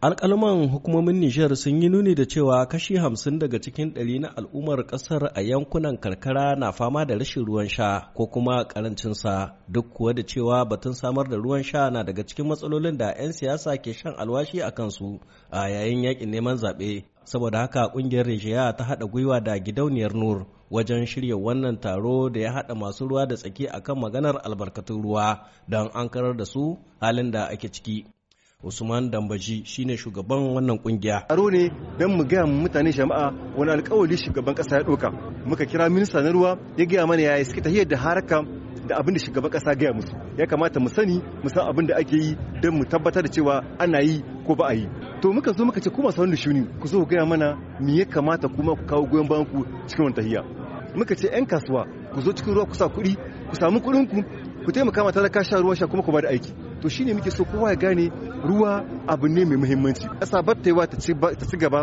alkalman hukumomin nijar sun yi nuni da cewa kashi hamsin daga cikin ɗari na al'ummar ƙasar a yankunan karkara na fama da rashin ruwan sha ko kuma sa duk kuwa da cewa batun samar da ruwan sha na daga cikin matsalolin da 'yan siyasa ke shan alwashi a kansu a yayin yakin neman zaɓe saboda haka ƙungiyar rijiya ta haɗa gwiwa da gidauniyar nur wajen shirya wannan taro da ya haɗa masu ruwa da tsaki akan maganar albarkatun ruwa don an karar da su halin da ake ciki Usman Dambaji shine shugaban wannan kungiya. Aro ne don mu gaya mutane jama'a wani alƙawari shugaban kasa ya ɗauka. Muka kira minista na ruwa ya gaya mana yaya suke tafiyar da haraka da abin da shugaban kasa gaya musu. Ya kamata mu sani mu san abin da ake yi don mu tabbatar da cewa ana yi ko ba a yi. to muka zo muka ce kuma masu wani shuni ku zo gaya mana me ya kamata kuma ku kawo goyon bayan ku cikin wannan tahiya muka ce yan kasuwa ku zo cikin ruwa ku sa kuɗi ku samu kuɗin ku ku taimaka ma talaka sha ruwa sha kuma ku bada aiki to shine muke so kowa ya gane ruwa abu ne mai muhimmanci kasa ba ta ci gaba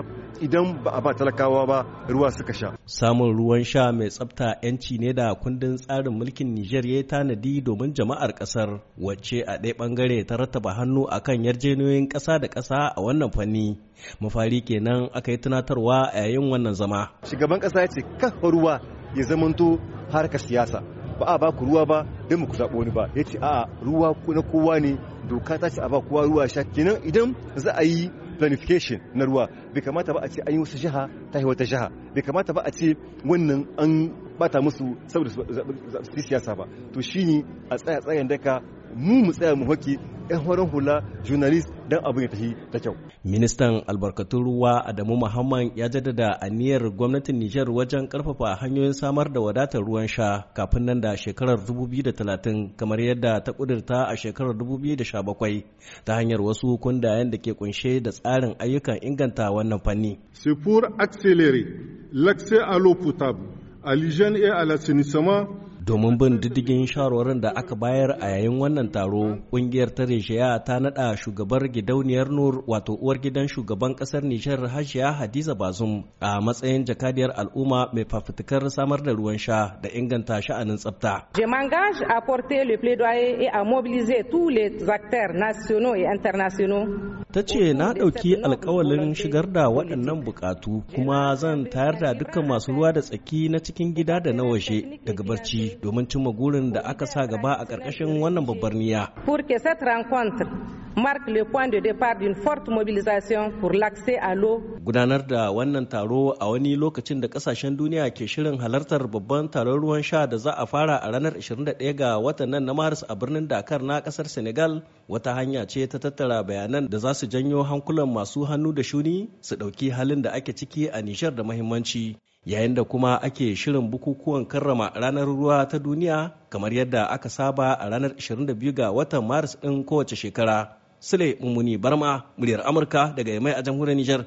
idan ba a ba talakawa ba ruwa suka sha. Samun ruwan sha mai tsabta 'yanci ne da kundin tsarin mulkin Nijar ya tanadi domin jama'ar kasar wacce a ɗaya bangare ta rattaba hannu akan kan yarjejeniyoyin ƙasa da ƙasa a wannan fanni. Mafari kenan aka yi tunatarwa a yayin wannan zama. Shugaban ƙasa ya ce ruwa ya zamanto harkar siyasa. ba a ba ku ruwa ba don mu ku zaɓo wani ba ya ce a'a ruwa na kowa ne doka ta ce a ba kowa ruwa sha kenan idan za a yi planification na ruwa bai kamata ba a ce an yi wasu jiha ta yi wata jiha bai kamata ba a ce wannan an bata musu saboda su siyasa ba to shine a tsaya tsayan daka mu mu tsaya mu hoki yan horon hula journalist don abin ya tafi da kyau. Ministan albarkatun ruwa Adamu Muhammad ya jaddada a aniyar gwamnatin Nijar wajen karfafa hanyoyin samar da wadatar ruwan sha kafin nan da shekarar 2030 kamar yadda ta kudurta a shekarar 2017 ta hanyar wasu kundayen da ke kunshe da tsarin ayyukan inganta wannan fanni. C'est pour l'accès à l'eau à l'hygiène et à l'assainissement domin bin diddigin shawarwarin da aka bayar a yayin wannan taro kungiyar ta reshiya ta nada shugabar gidauniyar nur wato uwar gidan shugaban kasar Nijar hajiya hadiza bazum a matsayin jakadiyar al'umma mai fafutukar samar da ruwan sha da inganta sha'anin tsafta le ta ce na ɗauki alkawalin shigar da waɗannan bukatu kuma zan tayar da dukkan masu ruwa da tsaki na cikin gida da na waje daga barci domin cimma gurin da aka sa gaba a ƙarƙashin wannan babbar niyya. marque le point de départ d'une forte mobilisation pour l'accès à l'eau. Gudanar da wannan taro a wani lokacin da kasashen duniya ke shirin halartar babban taron ruwan sha da za a fara a ranar 21 ga watan nan na Maris a birnin Dakar na kasar Senegal wata hanya ce ta tattara bayanan da za su janyo hankulan masu hannu da shuni su ɗauki halin da ake ciki a Nijar da muhimmanci. yayin da kuma ake shirin bukukuwan karrama ranar ruwa ta duniya kamar yadda aka saba a ranar 22 ga watan maris din kowace shekara. Sule Mummuni Barma, muryar Amurka daga Yamai a jamhuriyar Nijar.